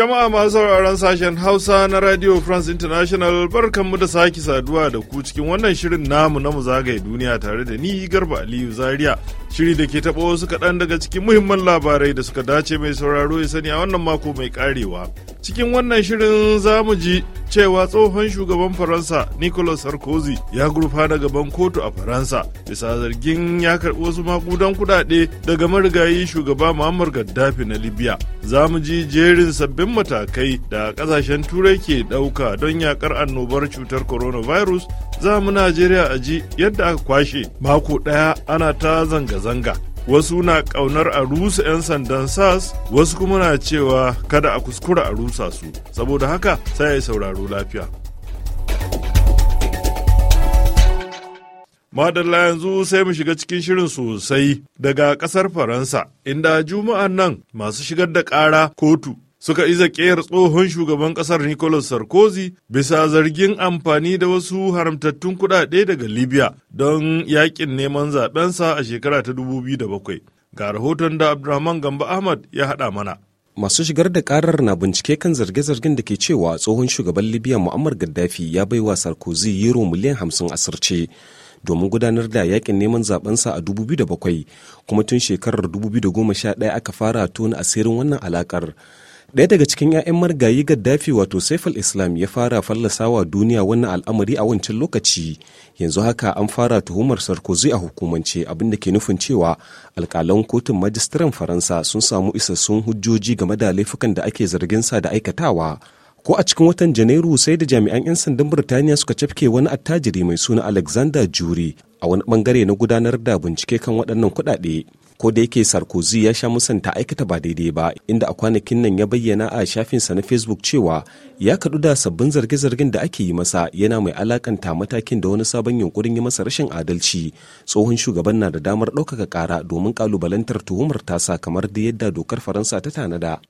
Jama'a masu sauraron sashen Hausa na Radio France International barkan mu da sake saduwa da ku cikin wannan shirin namu na mu zagaye duniya tare da ni Garba Aliyu Zaria. shiri da ke taɓa wasu kaɗan daga cikin muhimman labarai da suka dace mai sauraro ya sani a wannan mako mai ƙarewa. Cikin wannan shirin za mu ji cewa tsohon shugaban Faransa Nicolas Sarkozy ya gurfa da gaban kotu a Faransa bisa zargin ya karɓi wasu makudan kuɗaɗe daga marigayi shugaba Muammar Gaddafi na Libya. Za mu ji jerin sabbin matakai da ƙasashen Turai ke ɗauka don yaƙar annobar cutar coronavirus za mu Najeriya a ji yadda aka kwashe mako ɗaya ana ta zanga-zanga. Wasu na ƙaunar a rusa 'yan sandan SAS, wasu kuma na cewa kada a kuskura a rusa su, saboda haka sai ya sauraro lafiya. Madalla yanzu sai mu shiga cikin shirin sosai daga ƙasar Faransa, inda juma'an nan masu shigar da ƙara kotu suka iza ƙeyar tsohon shugaban ƙasar Nicolas Sarkozy bisa zargin amfani da wasu haramtattun kuɗaɗe daga Libya don yaƙin neman zaɓensa a shekara ta 2007. Ga rahoton da Abdulrahman Gamba Ahmad ya haɗa mana. masu shigar da karar na bincike kan zarge-zargen da ke cewa tsohon shugaban libya muammar gaddafi ya baiwa sarkozy euro miliyan hamsin asirce domin gudanar da yakin neman zabensa a 2007 kuma tun shekarar 2011 aka fara tona asirin wannan alakar Ɗaya daga cikin 'ya'yan margayi Gaddafi wato Saiful Islam ya fara fallasawa duniya wannan al'amari a wancan lokaci. Yanzu haka an fara tuhumar Sarkozy a hukumance abinda ke nufin cewa alkalan kotun majistiran Faransa sun samu isassun hujjoji game da laifukan da ake zargin sa da aikatawa. Ko a cikin watan Janairu sai da jami'an 'yan sandan Birtaniya suka cafke wani attajiri mai suna Alexander Juri a wani bangare na gudanar da bincike kan waɗannan kuɗaɗe. ko da yake sarkozy ya sha musanta aikata ba daidai ba inda a kwanakin nan ya bayyana a shafinsa na facebook cewa ya kadu da sabbin zarge-zargen da ake yi masa yana mai alakanta matakin da wani sabon yunkurin yi masa rashin adalci tsohon shugaban na da damar ɗaukaka kara domin ƙalubalantar tuhumar tasa kamar da yadda dokar faransa ta tanada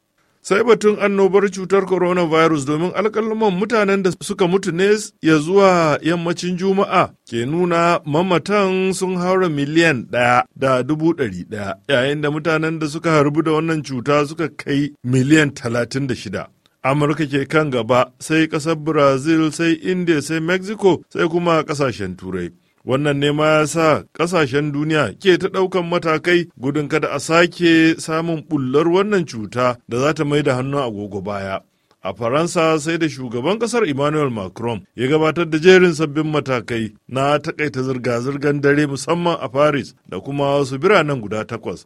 sai batun annobar cutar coronavirus domin alƙalman mutanen da suka mutu ne ya zuwa yammacin juma'a ke nuna mamatan sun haura miliyan ɗaya da dubu ɗari ɗaya yayin da mutanen da suka harbu da wannan cuta suka kai miliyan talatin da shida amurka ke kan gaba sai ƙasar brazil sai india sai mexico sai kuma ƙasashen turai Wannan ne ma ya sa ƙasashen duniya ke ta ɗaukan matakai gudun kada a sake samun bullar wannan cuta da za ta mai da hannu a gogo baya. A Faransa sai da shugaban ƙasar Emmanuel Macron ya gabatar da jerin sabbin matakai na takaita zirga-zirgar dare musamman a Paris da kuma wasu biranen guda takwas.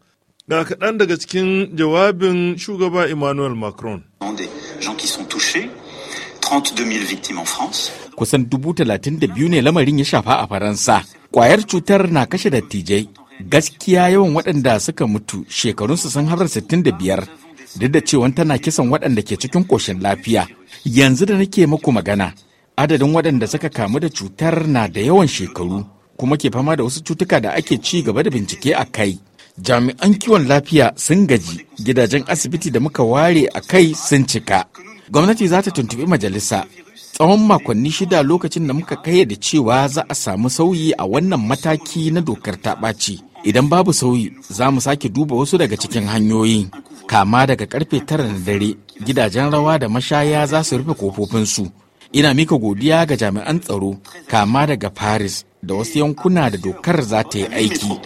Ga kaɗan daga cikin jawabin shugaba Emmanuel Macron. Kusan dubu talatin da biyu ne lamarin ya shafa a Faransa. Kwayar cutar na kashe dattijai. Gaskiya yawan waɗanda suka mutu shekarunsu sun da 65 duk da cewa tana kisan waɗanda ke cikin ƙoshin lafiya. Yanzu da nake muku magana, adadin waɗanda suka kamu da cutar na da yawan shekaru kuma ke fama da wasu cutuka da ake ci gaba da bincike a kai. Jami'an kiwon lafiya sun gaji, gidajen asibiti da muka ware a kai sun cika. gwamnati za ta tuntubi majalisa tsawon makonni shida lokacin da muka kayyade cewa za a samu sauyi a wannan mataki na dokar ta ɓaci idan babu sauyi za mu sake duba wasu daga cikin hanyoyi kama daga karfe tara na dare gidajen rawa da mashaya za su rufe kofofinsu ina mika godiya ga jami'an tsaro kama daga paris da wasu yankuna da dokar za ta yi aiki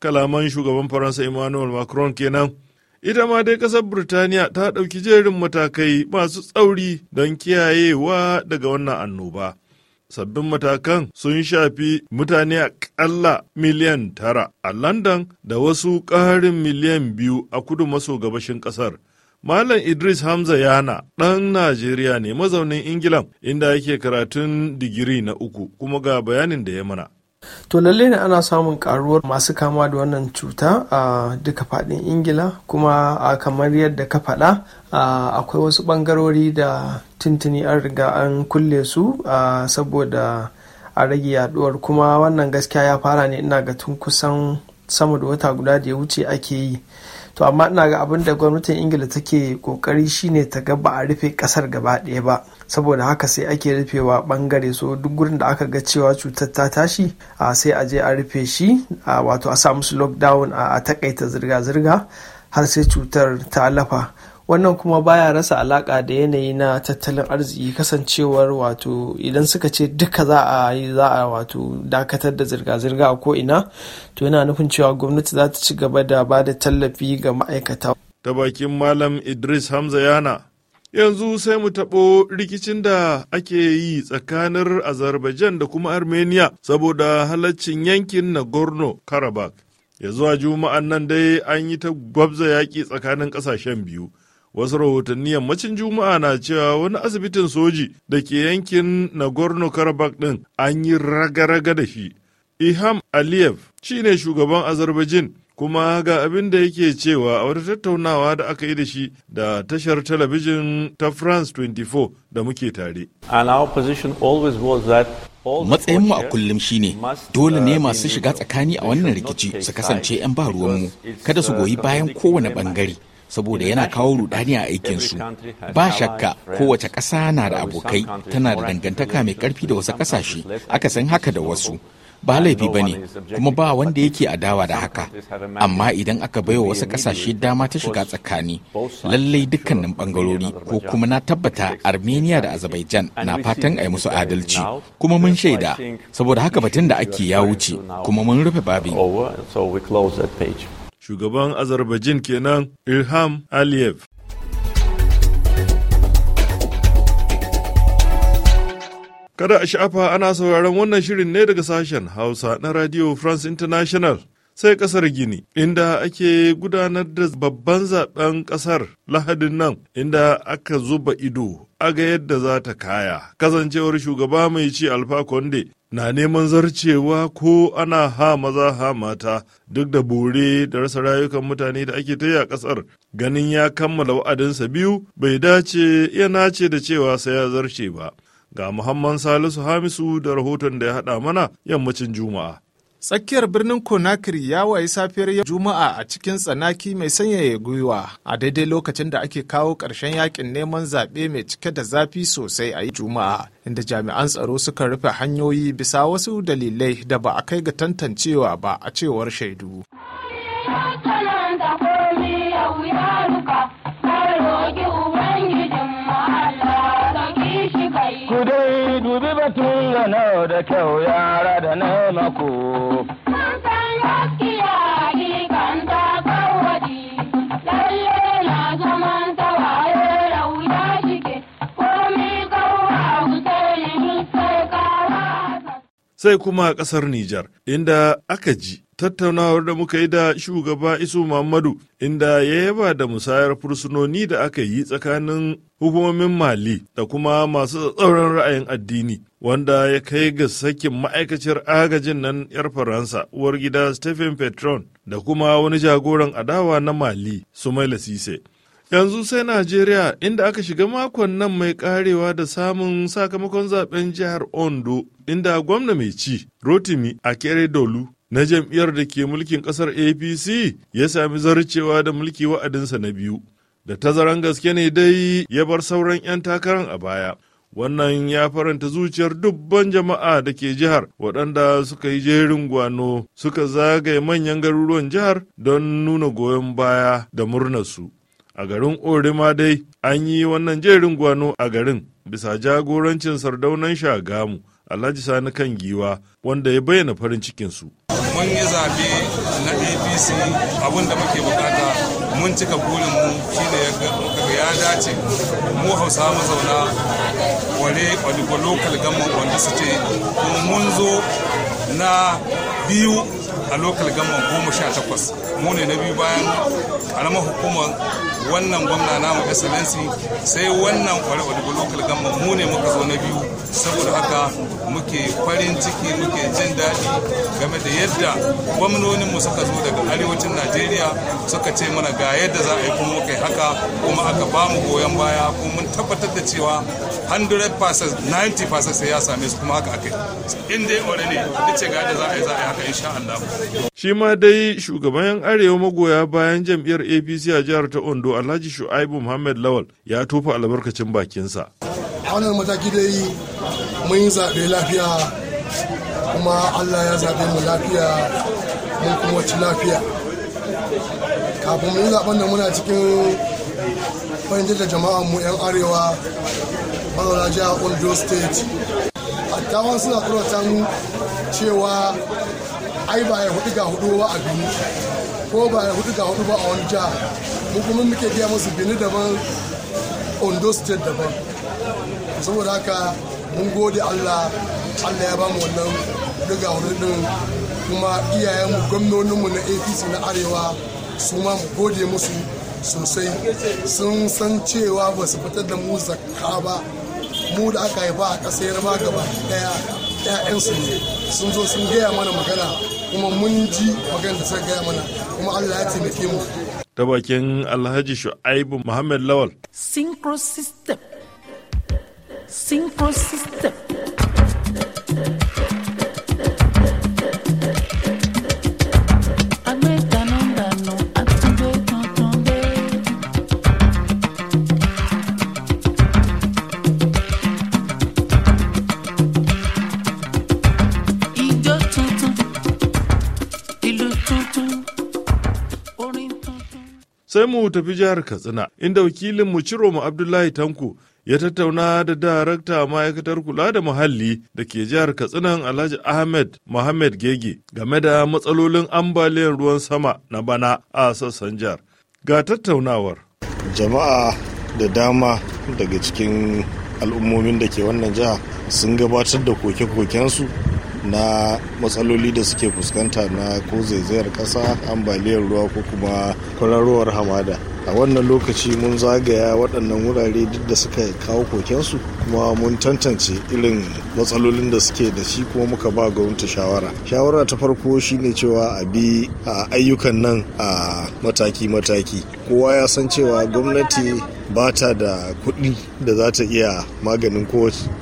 kalaman shugaban faransa emmanuel macron kenan Ita ma dai kasar Birtaniya ta ɗauki jerin matakai masu tsauri don kiyayewa daga wannan annoba. sabbin matakan sun shafi mutane akalla miliyan tara a london da wasu ƙarin miliyan biyu a kudu maso gabashin ƙasar malam idris hamza yana ɗan najeriya ne mazaunin ingilan inda yake karatun digiri na uku kuma ga bayanin da ya mana to lalle ne ana samun karuwar masu kama da wannan cuta a duka fadin ingila kuma a kamar yadda ka faɗa akwai wasu ɓangarori da tuntuni an riga an kulle su saboda a rage yaduwar kuma wannan gaskiya ya fara ne ina ga tun kusan sama da wata guda da ya wuce ake yi to amma ina ga abin da gwamnatin ingila take kokari shine ta ga ba a rufe kasar gaba ɗaya ba saboda haka sai ake rufewa bangare so duk gurin da aka ga cewa cutar ta tashi a sai a je a rufe shi a wato a sa musu lockdown a takaita zirga-zirga har sai cutar ta lafa wannan kuma baya rasa alaka da yanayi na tattalin arziki kasancewar wato idan suka ce duka za a yi za a wato dakatar da zirga-zirga a ko'ina to yana nufin cewa gwamnati za ta ci gaba da ba da tallafi ga ma'aikata ta bakin malam idris hamza yana yanzu sai mu taɓo rikicin da ake yi tsakanin azerbaijan da kuma armenia saboda halaccin yankin nagorno karabakh ya zuwa juma'an nan dai an yi ta gwabza yaƙi tsakanin ƙasashen biyu wasu rahotanni yammacin juma'a na cewa wani asibitin soji da ke yankin nagorno karabakh din an yi raga-raga da shi iham aliyev ne shugaban azerbaijan kuma ga abin da yake cewa a wata tattaunawa da aka yi da shi da tashar talabijin ta france 24 da muke tare matsayinmu a kullum shine uh, dole ne masu shiga tsakani a wannan rikici su kasance 'yan ba ruwanmu kada su goyi uh, bayan kowane bangare saboda yana kawo rudani a aikinsu ba shakka kowace ƙasa na da abokai tana da dangantaka mai ƙarfi da wasu ƙasashe aka san haka da wasu ba laifi ba ne kuma ba wanda yake adawa da haka amma idan aka baiwa wasu ƙasashe dama ta shiga tsakani lallai dukkanin bangarori ko kuma na tabbata armenia da azerbaijan na fatan a yi musu adalci kuma mun shaida saboda haka batun da ake ya wuce kuma mun rufe babin shugaban azerbaijan kenan ilham aliyev kada a sha'afa ana sauraron wannan shirin ne daga sashen hausa na radio france international sai kasar gini inda ake gudanar da babban zaben kasar lahadin nan inda aka zuba ido aga yadda za ta kaya kasancewar shugaba mai ci alfa konde na neman zarcewa ko ana ha maza ha mata duk da bore da rasa rayukan mutane da ake ta yi a kasar ganin ya kammala wa'adinsa biyu bai dace ya nace da cewa sai ya zarce ba ga muhammad salisu hamisu da rahoton da ya haɗa mana yammacin juma'a Tsakiyar birnin Conakry ya wayi safiyar yau Juma'a a cikin tsanaki mai sanyaya gwiwa a daidai lokacin da ake kawo ƙarshen yakin neman zaɓe mai cike da zafi sosai a Juma'a inda jami'an tsaro suka rufe hanyoyi bisa wasu dalilai da ba a kai ga tantancewa ba a cewar shaidu. Ku dai dubi batun da kyau ya sai kuma ƙasar Nijar, inda aka ji tattaunawar da muka yi da shugaba Isu Muhammadu inda ya yaba da musayar fursunoni da aka yi tsakanin hukumomin Mali da kuma masu tsauran ra'ayin addini wanda ya kai ga sakin ma'aikaciyar agajin nan 'yar Faransa uwar gida Stephen Petron da kuma wani jagoran adawa na Mali Sumaila Sise. Yanzu sai Najeriya inda aka shiga makon nan mai karewa da samun sakamakon zaben jihar Ondo inda gwamna mai ci Rotimi Akeredolu na jam'iyyar da ke mulkin kasar APC ya sami zarcewa da mulki wa'adinsa na biyu. Da tazaran gaske ne dai ya bar sauran 'yan takarar a baya. Wannan ya faranta zuciyar dubban jama'a da ke jihar waɗanda suka yi jerin gwano suka zagaye manyan garuruwan jihar don nuna goyon baya da murnarsu. a garin orima dai an yi wannan jerin gwano a garin bisa jagorancin sardaunan shagamu alhaji sani kan giwa wanda ya bayyana farin cikinsu mun yi zaɓe na apc abun da muke bukata mun cika shi shine ya dace mu hausa zauna wale kwaligwa local government wanda su ce mun zo na biyu a lokal gama goma sha takwas mu ne na biyu bayan karamar hukumar wannan gwamna namu excellency sai wannan kware wadda lokal gama mu ne muka zo na biyu saboda haka muke farin ciki muke jin daɗi game da yadda gwamnoninmu suka zo daga arewacin najeriya suka ce mana ga yadda za a yi kuma kai yi haka kuma aka ba mu goyon baya kuma mun tabbatar da cewa 100 90 sai ya same su kuma haka aka yi in dai ne da ce ga yadda za a yi za a yi haka insha Allah Shi ma dai shugaban Yan arewa magoya bayan jam'iyyar APC a jihar ta Ondo Alhaji Shu'aibu Muhammad Lawal ya tofa albarkacin bakinsa. A wannan mataki dai mun zaɓe lafiya kuma Allah ya zaɓe mu lafiya mun kuma ci lafiya. Kafin mun yi zaɓen da muna cikin fahimtar da jama'a mu 'yan arewa mazauna jihar Ondo State. Attawan suna kurata mu cewa ai ba ya hudu ga hudu ba a bini ko ba ya hudu ga hudu ba a wani jiha hukumin muke gaya masu bini daban ondo state daban saboda haka mun gode allah allah ya ba mu wannan hudu ga hudu din kuma iyayenmu gwamnoninmu na apc na arewa su ma mu gode musu sosai sun san cewa ba su fitar da mu zakka ba mu da aka haifa a ƙasa yarba gaba ɗaya 'ya'yansu ne sun zo sun gaya mana magana kuma mun ji magana da suka gaya mana kuma Allah ya taimake mu ta bakin Alhaji Shu'aibu Muhammad Lawal Synchro System Synchro System sai mu tafi jihar katsina inda wakilin mu ciro ciroma abdullahi tanko ya tattauna da darakta ma'aikatar kula da muhalli da ke jihar katsinan alhaji ahmed mohammed gege game da matsalolin ambaliyar ruwan sama na bana a sassan jihar ga tattaunawar jama'a da dama daga cikin al'ummomin da ke wannan jiha sun gabatar da koke-kokensu na matsaloli da suke fuskanta na ko zaizayar ƙasa ambaliyar ruwa ko kuma kwararowar hamada a wannan lokaci mun zagaya waɗannan wurare duk da suka kawo kokensu kuma mun tantance irin matsalolin da suke da shi kuma muka ba gwamnati shawara shawara ta farko shine cewa a bi a ayyukan nan a mataki-mataki kowa ya san cewa gwamnati ba ta da kuɗi da za ta iya maganin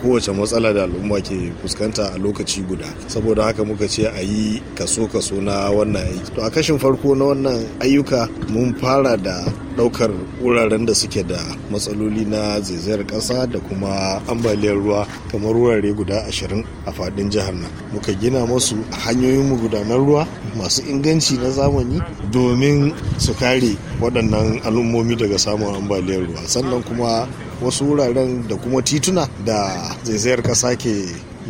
kowace matsala da al'umma ke fuskanta a lokaci guda saboda haka muka ce a yi kaso-kaso na wannan aiki to a kashin farko na wannan ayyuka mun fara da ɗaukar wuraren da suke da matsaloli na zaizayar ƙasa da kuma ambaliyar ruwa kamar wurare guda ashirin a faɗin jihar nan muka gina masu hanyoyin gudanar ruwa masu inganci na zamani domin su kare waɗannan al'ummomi daga samun ambaliyar ruwa sannan kuma wasu wuraren da kuma tituna da zaizayar ƙasa ke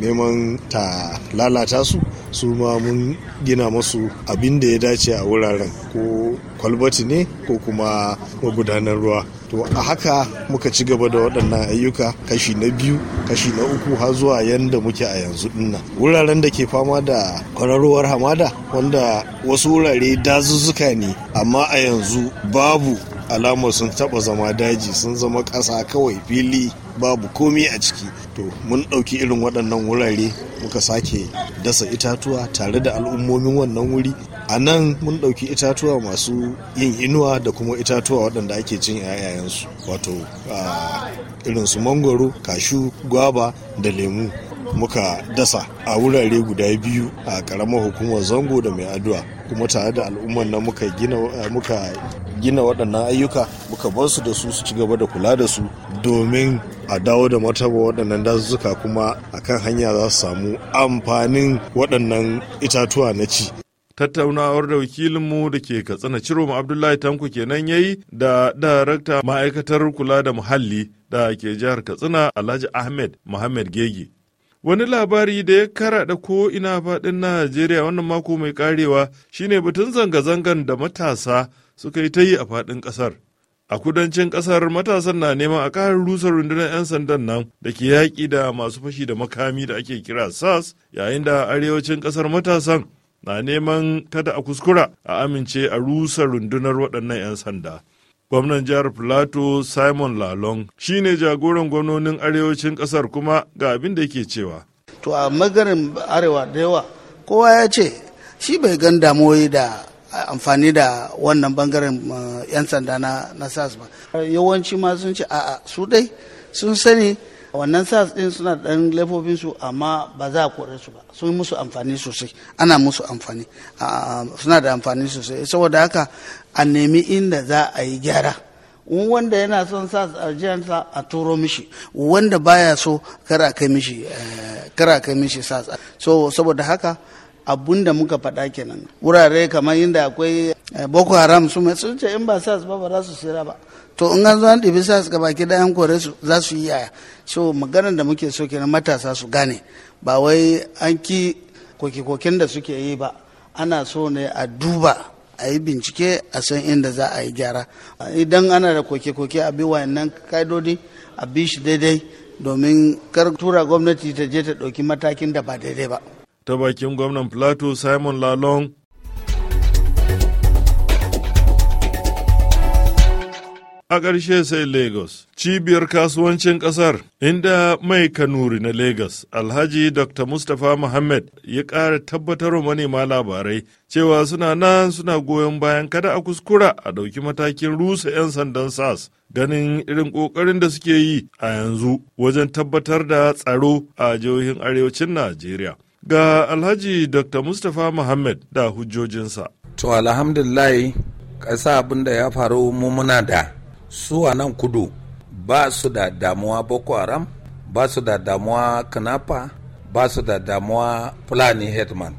neman ta lalata su su ma mun gina masu abin da ya dace a wuraren ko kwalbati ne ko kuma magudanar ruwa to a haka muka ci gaba da waɗannan ayyuka kashi na biyu kashi na uku har zuwa yadda muke a yanzu dinnan wuraren da ke fama da kwararowar hamada wanda wasu wurare dazuzzuka ne amma a yanzu babu alamar sun taba zama daji sun zama ƙasa kawai fili babu komi a ciki to mun ɗauki irin waɗannan wurare muka sake dasa itatuwa tare da al'ummomin wannan wuri a nan mun ɗauki itatuwa masu yin inuwa da kuma itatuwa waɗanda ake cin yayayensu wato ah, irin su mangoro kashu gwaba da lemu muka dasa a wurare guda biyu a ƙaramar hukumar zango da mai addu'a kuma tare da al'ummar nan muka gina muka gina waɗannan ayyuka muka bar su da su su ci gaba da kula da su domin a dawo da martaba waɗannan dazuzzuka kuma a kan hanya za su samu amfanin waɗannan itatuwa na ci tattaunawar da wakilinmu da ke katsina ciroma abdullahi tanko kenan ya yi da darakta ma'aikatar kula da muhalli da ke jihar katsina alhaji ahmed muhammad gege wani labari da ya kara da ko ina faɗin najeriya wannan mako mai karewa shine batun zanga-zangan da matasa suka yi ta yi a faɗin ƙasar. A kudancin ƙasar matasan na neman a ƙarin rusar rundunar 'yan sandan nan da ke yaƙi da masu fashi da makami da ake kira SAS yayin da arewacin ƙasar matasan na neman kada a kuskura a amince a rusa rundunar waɗannan 'yan sanda. gwamnan jihar plateau simon lalong ne jagoran gwamnonin arewacin ƙasar kuma ga abin da yake cewa to a magarin arewa da yawa kowa ya ce shi bai gan damuwoyi da amfani da wannan bangaren 'yan sanda na sas ba yawanci ma sun ce a'a su dai sun sani wannan sas din suna da laifofin su amma ba za a kore su ba sun musu amfani sosai ana musu amfani suna da amfani sosai saboda haka a nemi inda za a yi gyara wanda yana son a jiyansa a turo mishi wanda baya so kara kai mishi eh, kara kai mishi sas so saboda haka abun da muka faɗa kenan wurare kamar inda akwai eh, boko haram su mai sun ce in ba sas ba ba za su sira ba to in an zo an ɗibi sas ga baki da yan kore su za su yi yaya so maganar da muke so kenan matasa su gane ba wai an ki koke-koken da suke yi ba ana so ne a duba a yi bincike a san inda za a yi gyara idan ana da koke-koke a bi wayannan ka'idodi a bi shi daidai domin kar tura gwamnati ta je ta ɗauki matakin da ba daidai ba ta bakin gwamnan plateau simon lalong a ƙarshe sai Lagos, cibiyar kasuwancin ƙasar, inda mai kanuri na Lagos, Alhaji Dr. Mustapha Muhammad ya ƙara tabbatar wa manema labarai cewa suna nan suna goyon bayan kada a kuskura a ɗauki matakin rusa 'yan sandan SAS ganin irin ƙoƙarin da suke yi a yanzu wajen tabbatar da tsaro a jihohin arewacin Najeriya. Ga Alhaji Dr. Mustapha Muhammad da hujjojinsa. To alhamdulillah ƙasa abin ya faru mu muna da su a nan kudu ba su da damuwa Boko Haram, ba su da damuwa Kanapa, ba su da damuwa Fulani Headman.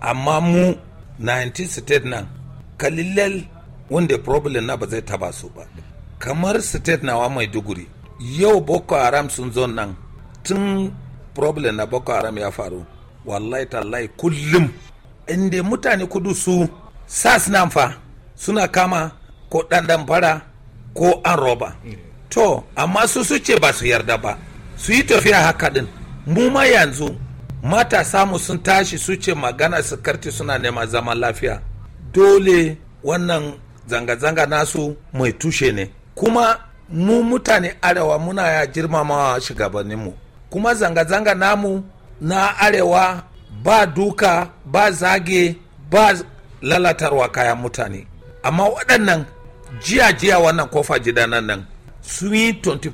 Amma mu 19 state nan kalilal wanda problem na ba zai taba su ba. Kamar state nawa Maiduguri, yau Boko Haram sun zo nan tun problem na Boko Haram ya faru. wallahi tallahi kullum inda mutane kudu su sas nan fa suna kama ko ɗanɗan fara ko an roba to amma su suce ce ba su yarda ba su yi tafiya haka ɗin mu ma yanzu mata samu sun tashi suce magana su karti suna nema zaman lafiya dole wannan zanga-zanga nasu mai tushe ne kuma mu mutane arewa muna ya girmamawa shugabanninmu kuma zanga-zanga namu na arewa ba duka ba zage ba lalatarwa kayan mutane amma waɗannan jiya-jiya wannan kofa jidanan nan sun yi 20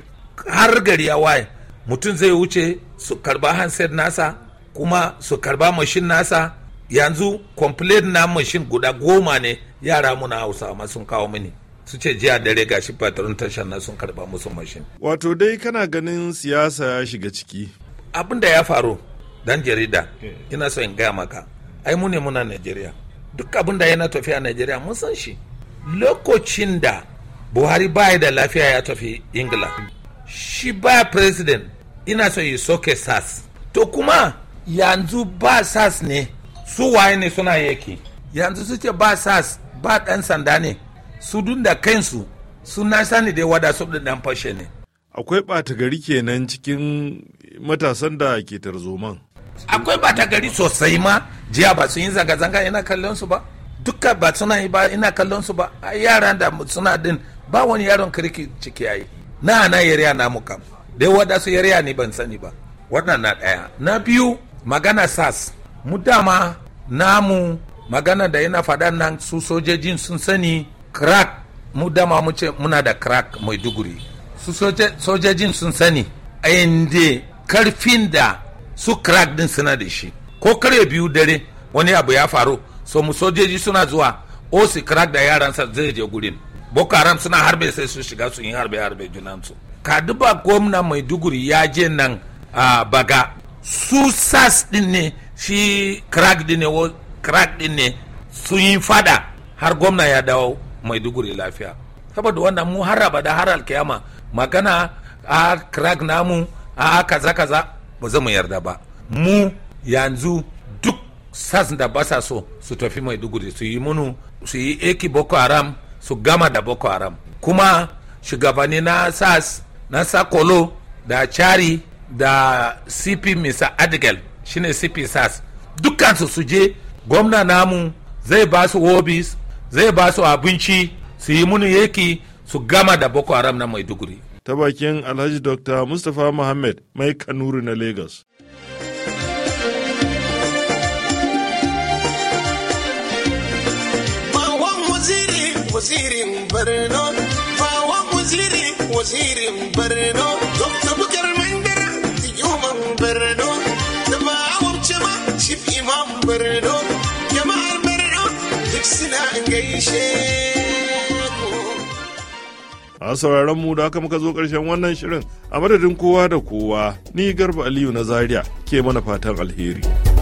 har gari ya waye mutum zai wuce su karba handset nasa kuma su karba mashin nasa yanzu complain na mashin guda goma ne yara muna hausa amma sun kawo mini su ce jiya dare gashi patron tashar na sun karba musu mashin wato dai kana ganin siyasa ya shiga ciki abin da ya faru dan jarida ina so in gaya maka ai mu ne muna najeriya duk abin da yana tafiya a najeriya mun san shi lokacin da buhari baya da lafiya ya tafi ingila shi ba president ina so yi soke sas to kuma yanzu ba sas ne su waye ne suna yaki yanzu su ce ba sas ba dan sanda ne su dun da kansu su na sani da wada su da dan fashe ne akwai ɓata gari kenan cikin matasan da ke tarzoman akwai bata gari sosai ma jiya ba su yi zanga-zanga ina kallon su ba duka ba suna yi ba ina kallon su ba a yaran da suna din ba wani yaron kirki ciki yayi na na yariya na mu kam dai wanda su yariya ne ban sani ba wannan na daya na biyu magana sas mu dama namu magana da yana faɗa nan su sojojin sun sani crack mu dama mu ce muna da crack mai duguri su sojojin sun sani inda karfin da su crack din suna da shi ko karya biyu dare wani abu ya faru so mu sojoji suna zuwa o osi crack da yaransa zai je gurin boko haram suna harbe sai su shiga su yi harbe harbe junansu kaduba gwamna maiduguri ya je nan a baga su sas din ne shi crack din ne crack din ne sun yi fada har gwamna ya dawo maiduguri lafiya saboda wannan mu haraba da har alkiyama magana a crack namu a kaza kaza ba za mu yarda ba mu yanzu duk sas da ba sa so su tafi maiduguri su yi munu su yi eki boko haram su gama da boko haram kuma shugabanni na sas na sakolo da chari da cp mr adigal shine cp sas dukansu su je gwamna namu zai ba su wobis zai ba su abinci su yi munu yaki su gama da boko haram na maiduguri ta bakin Alhaji Dr. Mustapha Muhammad mai Kanuri na Lagos. wazirin Borno, bawan waziri wazirin Borno, Dr. Bukar Mandara, Yuman Borno, da ba a ma, Chief Imam Borno. a sauraron mu da aka muka zo ƙarshen wannan shirin a madadin kowa da kowa ni garba aliyu na zaria ke mana fatan alheri.